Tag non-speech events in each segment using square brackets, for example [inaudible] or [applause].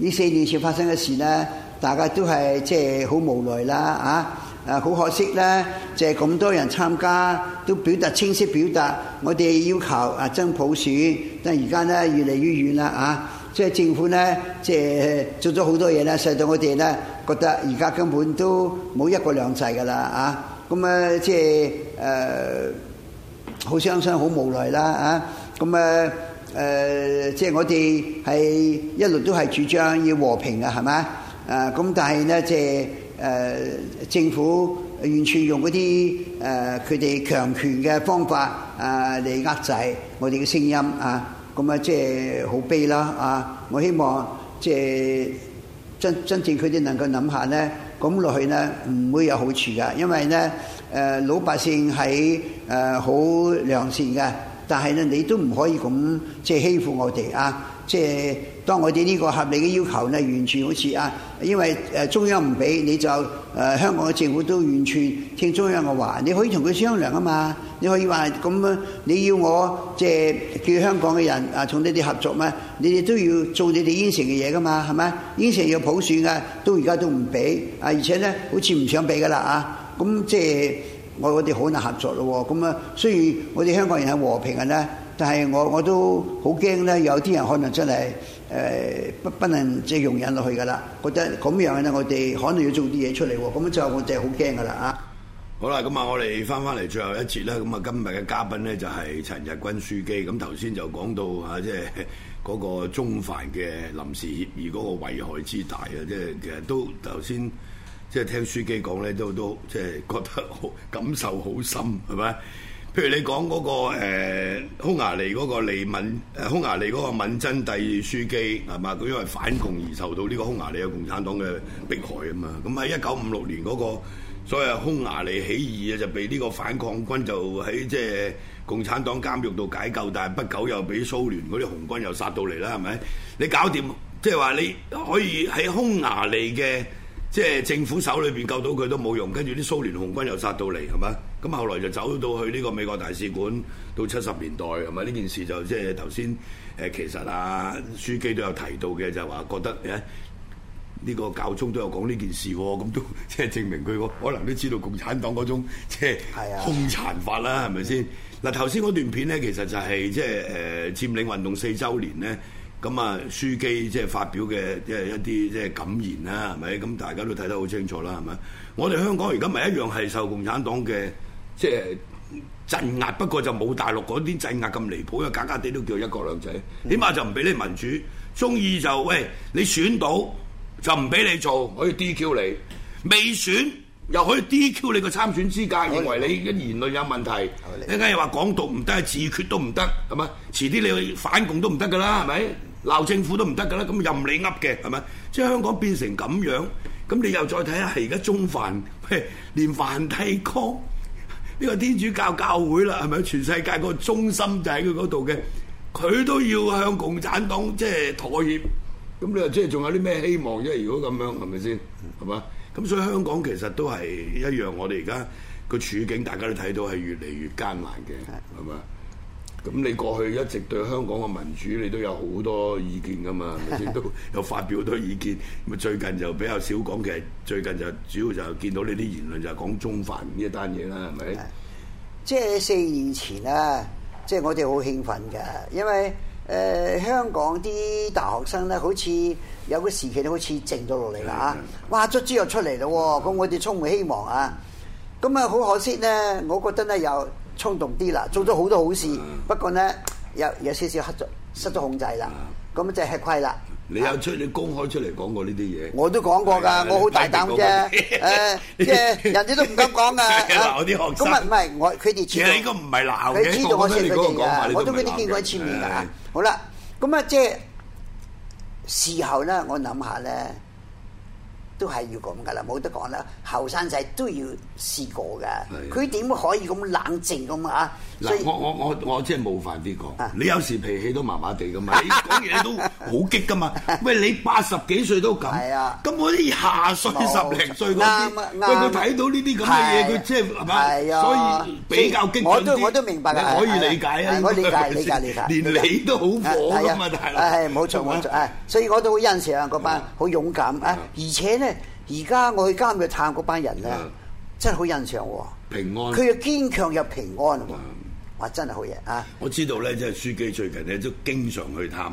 呢四年前發生嘅事呢，大家都係即係好無奈啦，啊，誒好可惜呢，即係咁多人參加，都表達清晰表達，我哋要求啊真普選，但係而家呢，越嚟越遠啦，啊，即係政府呢，即係做咗好多嘢呢，使到我哋呢覺得而家根本都冇一國兩制噶啦，啊，咁啊即係誒好傷心、好無奈啦，啊，咁啊。呃誒、呃，即係我哋係一路都係主張要和平嘅，係咪？誒、呃，咁但係呢，即、呃、係政府完全用嗰啲誒佢哋強權嘅方法啊嚟呃，扼制我哋嘅聲音啊，咁、嗯、啊，即係好悲啦啊！我希望即係真真正佢哋能夠諗下呢，咁落去呢唔會有好處㗎，因為呢誒、呃、老百姓係誒好良善嘅。但係咧，你都唔可以咁即係欺負我哋啊！即係當我哋呢個合理嘅要求呢，完全好似啊，因為誒中央唔俾，你就誒香港嘅政府都完全聽中央嘅話。你可以同佢商量啊嘛，你可以話咁你要我即係叫香港嘅人啊，同你哋合作咩？你哋都要做你哋應承嘅嘢噶嘛，係咪？應承要普選嘅，啊，都而家都唔俾啊！而且呢，好似唔想俾噶啦啊！咁即係。我哋好難合作咯喎，咁啊，雖然我哋香港人係和平嘅咧，但係我我都好驚咧，有啲人可能真係誒不不能即係容忍落去㗎啦，覺得咁樣咧，我哋可能要做啲嘢出嚟喎，咁樣就我哋好驚㗎啦啊！好啦，咁啊，我哋翻翻嚟最後一節啦，咁啊，今日嘅嘉賓咧就係陳日君書記，咁頭先就講到啊，即係嗰個中梵嘅臨時協議嗰個危害之大啊，即係其實都頭先。即係聽樞機講咧，都都即係覺得好感受好深，係咪？譬如你講嗰、那個、呃、匈牙利嗰個利敏，誒匈牙利嗰個敏真蒂樞機係嘛？佢因為反共而受到呢個匈牙利嘅共產黨嘅迫害啊嘛。咁喺一九五六年嗰個所謂匈牙利起義啊，就被呢個反抗軍就喺即係共產黨監獄度解救，但係不久又俾蘇聯嗰啲紅軍又殺到嚟啦，係咪？你搞掂，即係話你可以喺匈牙利嘅。即係政府手裏邊救到佢都冇用，跟住啲蘇聯紅軍又殺到嚟，係咪？咁後來就走到去呢個美國大使館，到七十年代係咪？呢件事就即係頭先誒，其實啊書記都有提到嘅，就係話覺得誒呢、呃這個教宗都有講呢件事喎、哦，咁都即係證明佢、哦、可能都知道共產黨嗰種即係兇殘法啦，係咪先？嗱頭先嗰段片咧，其實就係、是、即係誒、呃、佔領運動四週年咧。咁啊，書記即係發表嘅即係一啲即係感言啦，係咪？咁大家都睇得好清楚啦，係咪？我哋香港而家咪一樣係受共產黨嘅即係鎮壓，不過就冇大陸嗰啲鎮壓咁離譜，因為假假哋都叫一國兩制，起碼就唔俾你民主，中意就喂你選到就唔俾你做，可以 DQ 你；未選又可以 DQ 你個參選資格，認為你嘅言論有問題，一陣間又話港獨唔得，自決都唔得，係咪吧？遲啲你去反共都唔得㗎啦，係咪吧？鬧政府都唔得㗎啦，咁任你噏嘅係咪？將香港變成咁樣，咁你又再睇下，係而家中梵，連梵蒂岡呢個天主教教會啦，係咪全世界個中心就喺佢嗰度嘅？佢都要向共產黨即係妥協，咁你話即係仲有啲咩希望即係？如果咁樣係咪先？係嘛？咁、嗯、所以香港其實都係一樣，我哋而家個處境大家都睇到係越嚟越艱難嘅，係嘛是？咁你過去一直對香港嘅民主，你都有好多意見噶嘛？係咪先都有發表好多意見？咪 [laughs] 最近就比較少講，其實最近就主要就係見到你啲言論就係講中梵呢單嘢啦，係咪？即係四年前啊，即係我哋好興奮嘅，因為誒、呃、香港啲大學生咧，好似有個時期都好似靜咗落嚟啦嚇，是的 哇！卒之又出嚟咯喎，咁是的 我哋充滿希望啊！咁啊，好可惜咧，我覺得咧有。衝動啲啦，做咗好多好事，不過咧有有少少黑咗，失咗控制啦，咁就係吃虧啦。你有出你公開出嚟講過呢啲嘢？我都講過㗎，我好大膽啫，誒，即係人哋都唔敢講嘅嚇。咁啊唔係我，佢哋知道。其實應該唔係鬧嘅。你知道我佢哋嘅，我都俾啲見過一次面㗎。好啦，咁啊即係事後咧，我諗下咧。都係要咁噶啦，冇得講啦。後生仔都要試過噶，佢點可以咁冷靜咁啊？所以我我我我即係冒犯啲講，你有時脾氣都麻麻地噶嘛，你講嘢都好激噶嘛。喂，你八十幾歲都咁，咁我啲下三十零歲嗰啲，喂佢睇到呢啲咁嘅嘢，佢即係係嘛？所以比較激進啲。我都我都明白噶，可以理解啊，理解理解理解。連你都好火啊嘛，大佬。係冇錯冇錯啊，所以我都好欣賞嗰班好勇敢啊，而且呢。而家我去監獄探嗰班人咧，啊、真係好印象喎。平安，佢又堅強又平安喎。我真係好嘢啊！啊我知道咧，即係書記最近咧都經常去探，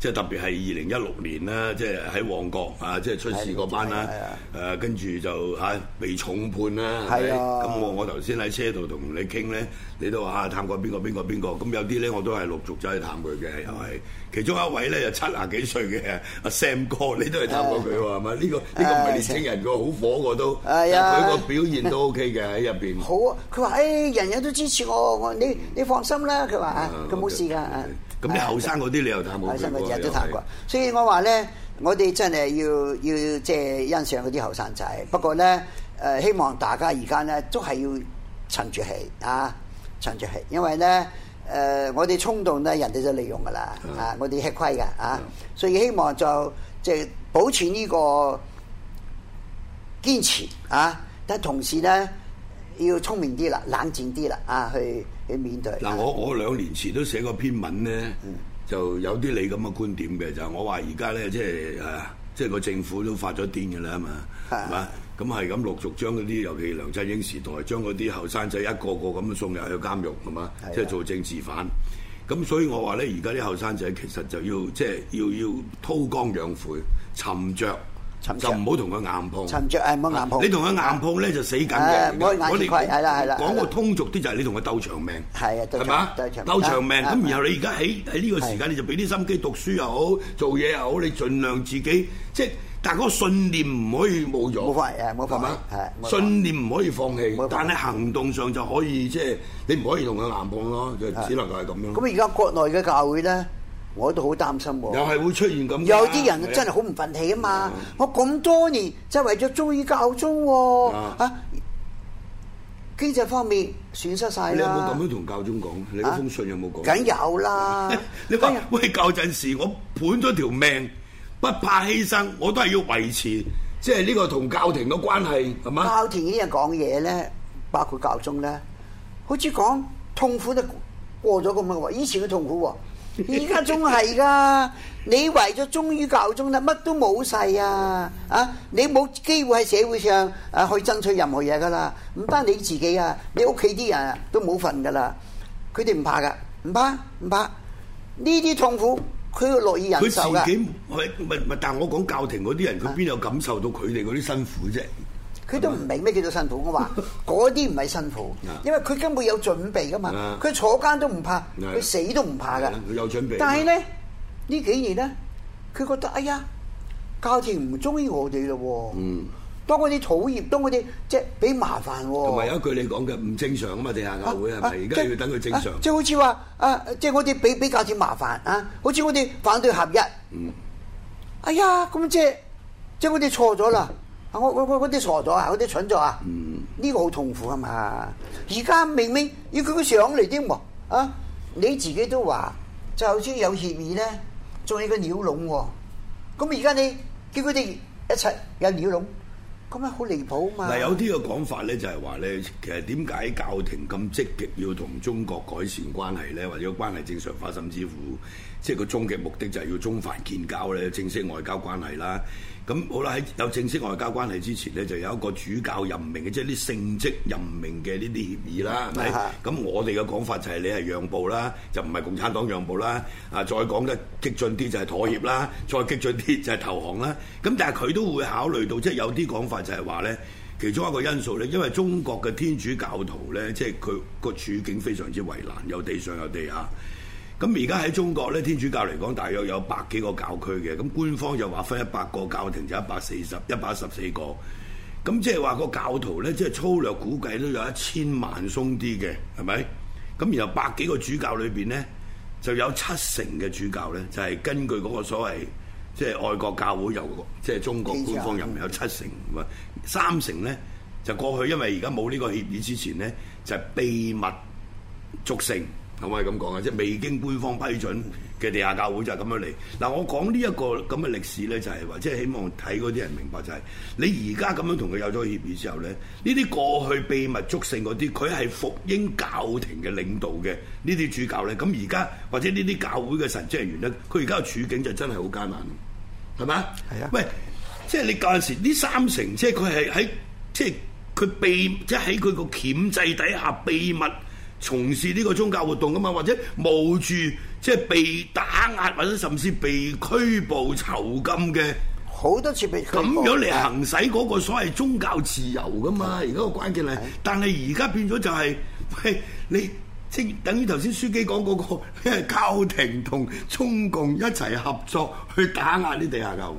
即係特別係二零一六年啦，即係喺旺角啊，即係出事嗰班啦。誒，跟住就嚇被重判啦。係啊，咁我我頭先喺車度同你傾咧，你都話啊，探過邊個邊個邊個，咁有啲咧我都係陸續走去探佢嘅，又係。其中一位咧就七廿幾歲嘅阿 Sam 哥，你都係探過佢喎，係咪？呢個呢個唔係年輕人個，好火個都，佢個表現都 OK 嘅喺入邊。好，啊，佢話，誒，人人都支持我，我你你放心啦，佢話啊，佢冇事㗎。咁你後生嗰啲你又探冇？後生嗰啲日都探過。所以我話咧，我哋真係要要即係欣賞嗰啲後生仔。不過咧，誒希望大家而家咧都係要沉住氣啊，沉住氣，因為咧。誒、呃，我哋衝動咧，人哋就利用噶啦是的、啊，啊，我哋吃虧噶，啊，所以希望就即係保持呢個堅持啊，但係同時咧要聰明啲啦，冷靜啲啦，啊，去去面對。嗱、啊，我我兩年前都寫過篇文咧是的，就有啲你咁嘅觀點嘅，就我話而家咧，即係啊，即係個政府都發咗癲嘅啦嘛，係嘛？咁係咁陸續將嗰啲，尤其梁振英時，同埋將嗰啲後生仔一個個咁送入去監獄，係嘛？即係做政治犯。咁所以我話咧，而家啲後生仔其實就要即係要要韜光養晦，沉着，就唔好同佢硬碰。沉着誒，唔好硬碰。你同佢硬碰咧，就死緊嘅。我我哋講個通俗啲就係你同佢鬥長命。係啊，鬥長命。係嘛？鬥長命。咁然後你而家喺喺呢個時間，你就俾啲心機讀書又好，做嘢又好，你盡量自己即係。但係嗰信念唔可以冇咗，吧信念唔可以放棄，放棄但係行動上就可以即係、就是、你唔可以同佢硬碰咯，就是只能夠係咁樣。咁而家國內嘅教會咧，我都好擔心、啊。又係會出現咁、啊，有啲人真係好唔忿氣啊嘛！啊我咁多年就為咗中意教宗啊，啊，啊，經濟方面損失晒。你有冇咁樣同教宗講？你嗰封信有冇講？梗、啊、有啦！ [laughs] 你講喂，舊陣時我判咗條命。不怕犧牲，我都係要維持，即係呢個同教廷嘅關係，係嘛？教廷呢啲人講嘢咧，包括教宗咧，好似講痛苦都過咗咁啊！以前嘅痛苦，而家仲係噶。 [laughs] 你為咗忠於教宗咧，乜都冇晒啊！啊，你冇機會喺社會上啊去爭取任何嘢噶啦，唔單你自己啊，你屋企啲人都冇份噶啦。佢哋唔怕噶，唔怕唔怕呢啲痛苦。佢樂意忍受佢自己咪咪，但係我講教廷嗰啲人，佢邊有感受到佢哋嗰啲辛苦啫？佢都唔明咩叫做辛苦啊嘛！我話嗰啲唔係辛苦，因為佢根本有準備噶嘛。佢 [laughs] 坐監都唔怕，佢 [laughs] 死都唔怕噶。佢 [laughs] 有準備。但係咧，呢幾年咧，佢覺得哎呀，教廷唔中意我哋咯喎。嗯。當我哋討厭，當我哋即係俾麻煩喎。同埋有一句你講嘅唔正常啊嘛，地下教會係咪？而家要等佢正常。即係好似話啊，即係我哋俾俾搞啲麻煩啊，好似我哋反對合一。嗯。哎呀，咁即係即係我哋錯咗啦！啊，我我我我哋傻咗啊，啲蠢咗啊。嗯。呢個好痛苦啊嘛！而家明明要叫佢上嚟添喎啊！你自己都話，就好似有協議咧，做你個鳥籠喎。咁而家你叫佢哋一齊有鳥籠？咁啊，好離譜啊嘛！嗱，有啲嘅講法咧，就係話咧，其實點解教廷咁積極要同中國改善關係咧，或者關係正常化，甚至乎即係個終極目的就係要中梵建交咧，正式外交關係啦。咁好啦，喺有正式外交關係之前咧，就有一個主教任命嘅，即係啲聖職任命嘅呢啲協議啦。咁係我哋嘅講法就係你係讓步啦，就唔係共產黨讓步啦。啊，再講得激進啲就係妥協啦，再激進啲就係投降啦。咁但係佢都會考慮到，即係有啲講法就係話咧，其中一個因素咧，因為中國嘅天主教徒咧，即係佢個處境非常之為難，有地上有地下。咁而家喺中國咧，天主教嚟講，大約有百幾個教區嘅，咁官方就劃分一百個教廷，就一百四十、一百十四個。咁即係話個教徒咧，即係粗略估計都有一千萬鬆啲嘅，係咪？咁然後百幾個主教裏邊咧，就有七成嘅主教咧，就係根據嗰個所謂即係愛國教會有，即係中國官方入面有七成，唔係三成咧，就過去，因為而家冇呢個協議之前咧，就係秘密逐成。可唔可以咁講啊？即係未經官方批准嘅地下教會就係咁樣嚟。嗱，我講呢、這、一個咁嘅歷史咧、就是，就係話，即係希望睇嗰啲人明白、就是，就係你而家咁樣同佢有咗協議之後咧，呢啲過去秘密祝聖嗰啲，佢係服膺教廷嘅領導嘅呢啲主教咧，咁而家或者呢啲教會嘅神職人員咧，佢而家嘅處境就真係好艱難，係咪？係啊的！喂，即係你舊陣時呢三成，即係佢係喺即係佢秘，即係喺佢個鉗制底下秘密。從事呢個宗教活動噶嘛，或者冒住即係被打壓，或者甚至被拘捕囚禁嘅，好多次被拘捕。咁樣嚟行使嗰個所謂宗教自由噶嘛，而家的個關鍵係，的但係而家變咗就係、喂，你即等於頭先書記講嗰個教廷同中共一齊合作去打壓呢地下教會。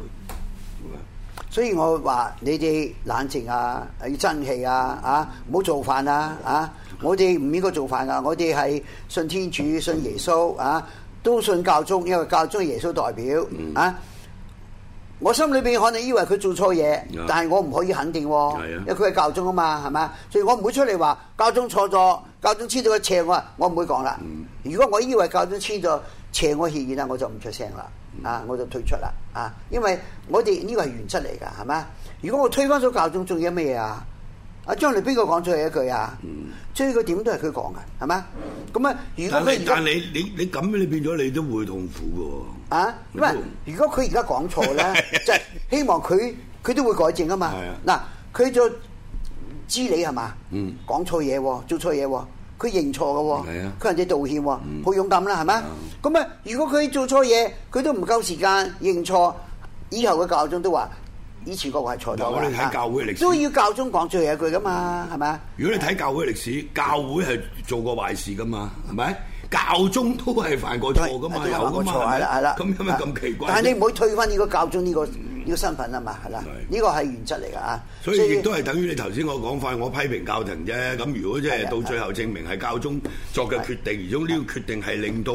所以我話你哋冷靜啊，要爭氣啊，啊，唔好造反啊，啊，我哋唔應該造反噶，我哋係信天主、信耶穌啊，都信教宗，因為教宗係耶穌代表啊。我心裏邊可能以為佢做錯嘢，但係我唔可以肯定，啊，因為佢係教宗啊嘛，係嘛，所以我唔會出嚟話教宗錯咗，教宗黐咗個邪我，我唔會講啦。如果我以為教宗黐咗邪我，顯然啦，我就唔出聲啦。啊！我就退出啦！啊，因為我哋呢、這個係原則嚟噶，係咪？如果我推翻咗教宗，仲要咩嘢啊？啊，將來邊個講錯一句啊？即係佢點都係佢講嘅，係咪？咁、嗯、啊，如果佢但係你你你咁，你變咗你都會痛苦嘅。啊，唔係，如果佢而家講錯咧，即係 [laughs] 希望佢佢都會改正啊嘛。嗱是的、啊，佢就知你係嘛，講、嗯、錯嘢，做錯嘢。佢認錯嘅喎，佢人哋道歉喎，好勇敢啦，係咪？咁啊，如果佢做錯嘢，佢都唔夠時間認錯，以後嘅教宗都話以前個個係錯嘅，我哋睇教會歷史都要教宗講最後一句噶嘛，係咪？如果你睇教會歷史，教會係做過壞事噶嘛，係咪？教宗都係犯過錯噶嘛，有過錯，係啦，係啦，咁有咩咁奇怪？但係你唔好退翻呢個教宗呢個。個身份啊嘛，係啦，呢個係原則嚟㗎啊，所以亦都係等於你頭先我講法，我批評教廷啫。咁如果即係到最後證明係教宗作嘅決定，而咁呢個決定係令到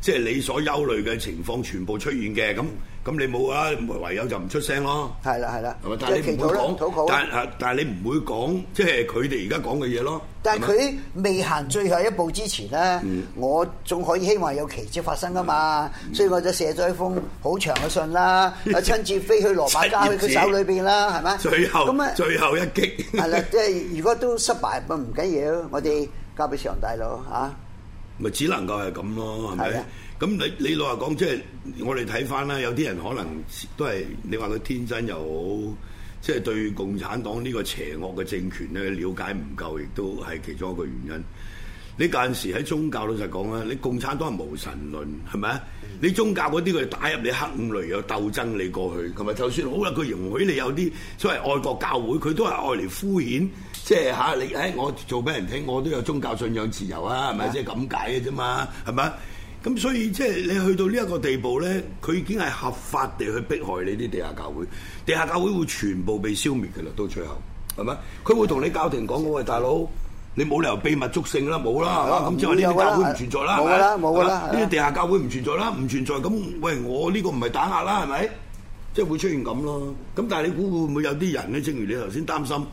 即係你所憂慮嘅情況全部出現嘅咁。咁你冇啊，唯有就唔出聲咯。係啦，係啦，但係你祈禱，但係你唔會講，即係佢哋而家講嘅嘢咯。但係佢未行最後一步之前咧，我仲可以希望有奇蹟發生噶嘛，所以我就寫咗一封好長嘅信啦，我親自飛去羅馬交去佢手裏邊啦，係咪？最後，咁啊，最後一擊。係啦，即係如果都失敗，咁唔緊要，我哋交俾上大佬嚇。咪只能夠係咁咯，係咪？咁你你老實講，即係我哋睇翻啦，有啲人可能都係你話佢天真又好，即係對共產黨呢個邪惡嘅政權咧，了解唔夠，亦都係其中一個原因。你嗰陣時喺宗教老實講啦，你共產黨係無神論，係咪啊？你宗教嗰啲佢打入你黑五類又鬥爭你過去，同埋、嗯、就算好啦，佢容許你有啲所謂愛國教會，佢都係愛嚟敷衍，即係吓，你誒、哎，我做俾人聽，我都有宗教信仰自由啊，係咪即係咁解嘅啫嘛，係咪是？咁所以即係你去到呢一個地步咧，佢已經係合法地去迫害你啲地下教會，地下教會會全部被消滅嘅啦，到最後係咪？佢會同你教廷講，喂，大佬，你冇理由秘密祝聖啦，冇啦，係嘛？咁即係呢啲教會唔存在啦，冇啦，冇啦，呢啲地下教會唔存在啦，唔存在。咁喂，我呢個唔係打壓啦，係咪？即係會出現咁咯。咁但係你估會唔會有啲人咧？正如你頭先擔心，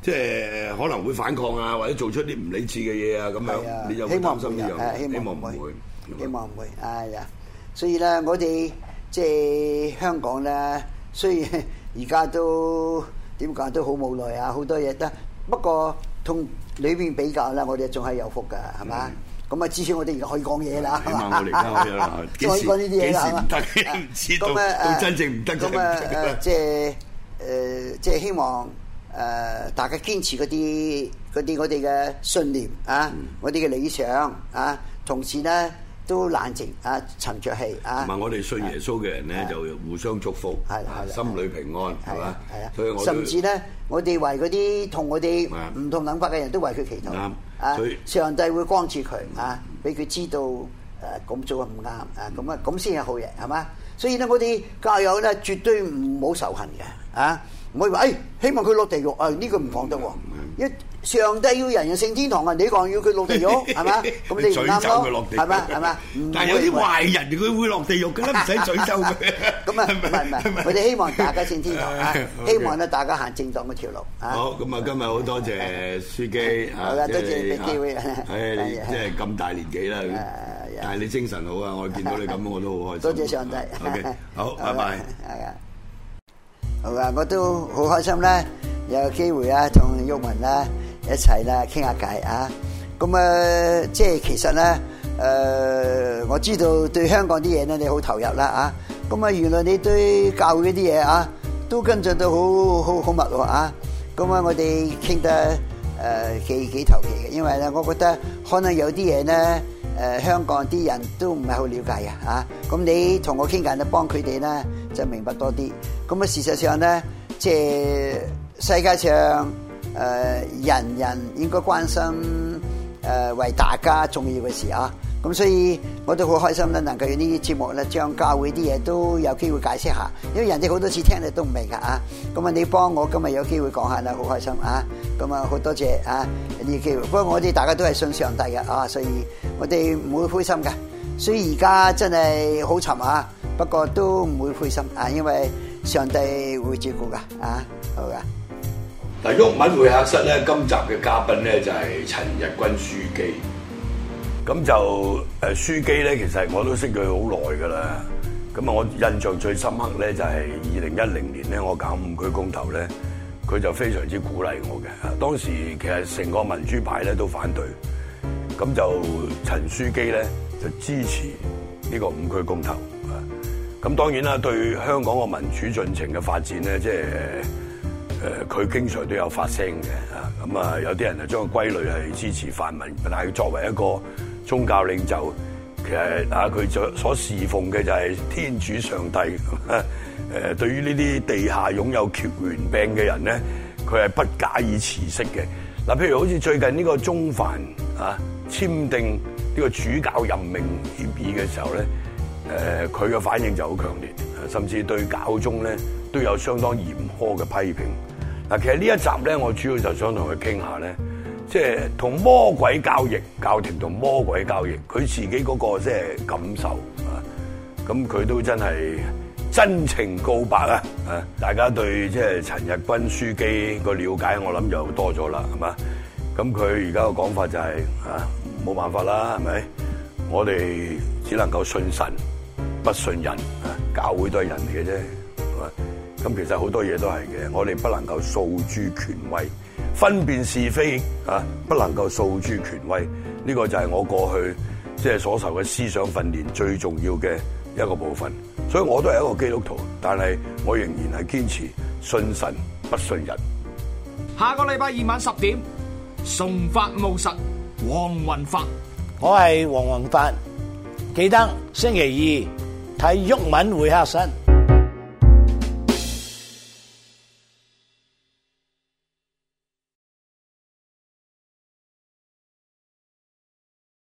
即係可能會反抗啊，或者做出啲唔理智嘅嘢啊，咁樣你又會擔心呢樣，希望唔會。希望唔會，係啊！所以咧，我哋即係香港咧，雖然而家都點講都好無奈啊，好多嘢得。不過同裏邊比較咧，我哋仲係有福嘅，係嘛？咁啊，至少我哋而家可以講嘢啦。起碼可以講呢啲嘢啦。幾時唔得？唔知道到真正唔得嘅。咁啊，即係誒，即係希望誒，大家堅持嗰啲嗰啲我哋嘅信念啊，嗰啲嘅理想啊，同時咧。都冷靜啊，沉著氣啊！唔係我哋信耶穌嘅人咧，就互相祝福，心裏平安，係嘛？所以我甚至咧，我哋為嗰啲同我哋唔同諗法嘅人都為佢祈禱。啱啊！上帝會關注佢啊，俾佢知道誒咁做啊唔啱啊，咁啊咁先係好嘢，係嘛？所以咧，我哋教友咧，絕對唔好仇恨嘅啊！唔可以話誒，希望佢落地獄啊！呢個唔講得喎。上帝要人入聖天堂啊！你講要佢落地獄係嘛？咁你唔啱咯？係嘛，係嘛？但係有啲壞人佢會落地獄嘅啦，唔使詛咒佢。咁啊，唔係唔係，我哋希望大家聖天堂，希望咧大家行正當嘅條路。好，咁啊，今日好多謝樞機，即係，你即係咁大年紀啦，但係你精神好啊，我見到你咁，我都好開心。多謝上帝。好，拜拜。好啊，我都好開心啦，有機會啊，同。毓民啦，一齊啦傾下偈啊！咁、嗯、啊，即係其實咧，誒、呃、我知道對香港啲嘢咧，你好投入啦啊！咁、嗯、啊，原來你對教會啲嘢啊，都跟進到好好好密切啊！咁、嗯、啊，我哋傾得誒幾幾投機嘅，因為咧，我覺得可能有啲嘢咧，誒、呃、香港啲人都唔係好了解啊！咁你同我傾偈，你幫佢哋咧就明白多啲。咁、嗯、啊，事實上咧，即、就、係、是、世界上。誒、呃，人人應該關心誒、呃、為大家重要嘅事啊，咁所以我都好開心咧，能夠呢啲節目咧將教會啲嘢都有機會解釋下，因為人哋好多次聽你都唔明噶啊，咁啊你幫我今日有機會講下啦，好開心啊，咁啊好多謝啊呢個機會，不過我哋大家都係信上帝嘅啊，所以我哋唔會灰心嘅，所以而家真係好沉啊，不過都唔會灰心啊，因為上帝會照顧噶啊，好噶。但毓民會客室咧，今集嘅嘉賓咧就係陳日君書記，咁就誒書記咧，其實我都識佢好耐噶啦，咁啊，我印象最深刻咧就係二零一零年咧，我搞五區公投咧，佢就非常之鼓勵我嘅，啊，當時其實成個民主派咧都反對，咁就陳書記咧就支持呢個五區公投，咁當然啦，對香港個民主進程嘅發展咧，即係。誒佢經常都有發聲嘅，啊咁啊有啲人啊將個歸類係支持泛民，但係作為一個宗教領袖，其實啊佢所所侍奉嘅就係天主上帝。誒對於呢啲地下擁有權權柄嘅人咧，佢係不介意辭職不假以辭色嘅。嗱，譬如好似最近呢個中梵啊簽訂呢個主教任命協議嘅時候咧，誒佢嘅反應就好強烈，甚至對教宗咧都有相當嚴苛嘅批評。嗱，其實呢一集咧，我主要就想同佢傾下咧，即係同魔鬼交易，教廷同魔鬼交易，佢自己嗰個即係感受啊。咁佢都真係真情告白啊！啊，大家對即係陳日君書記個了解，我諗又多咗啦，係嘛？咁佢而家個講法就係、是、啊，冇辦法啦，係咪？我哋只能夠信神，不信人啊，教會都係人嚟嘅啫，係嘛？咁其實好多嘢都係嘅，我哋不能夠訴諸權威，分辨是非啊，不能夠訴諸權威。呢個就係我過去即係所受嘅思想訓練最重要嘅一個部分。所以我都係一個基督徒，但係我仍然係堅持信神不信人。下個禮拜二晚十點，崇法務實，黃宏發。我係黃宏發，記得星期二睇毓民會客室。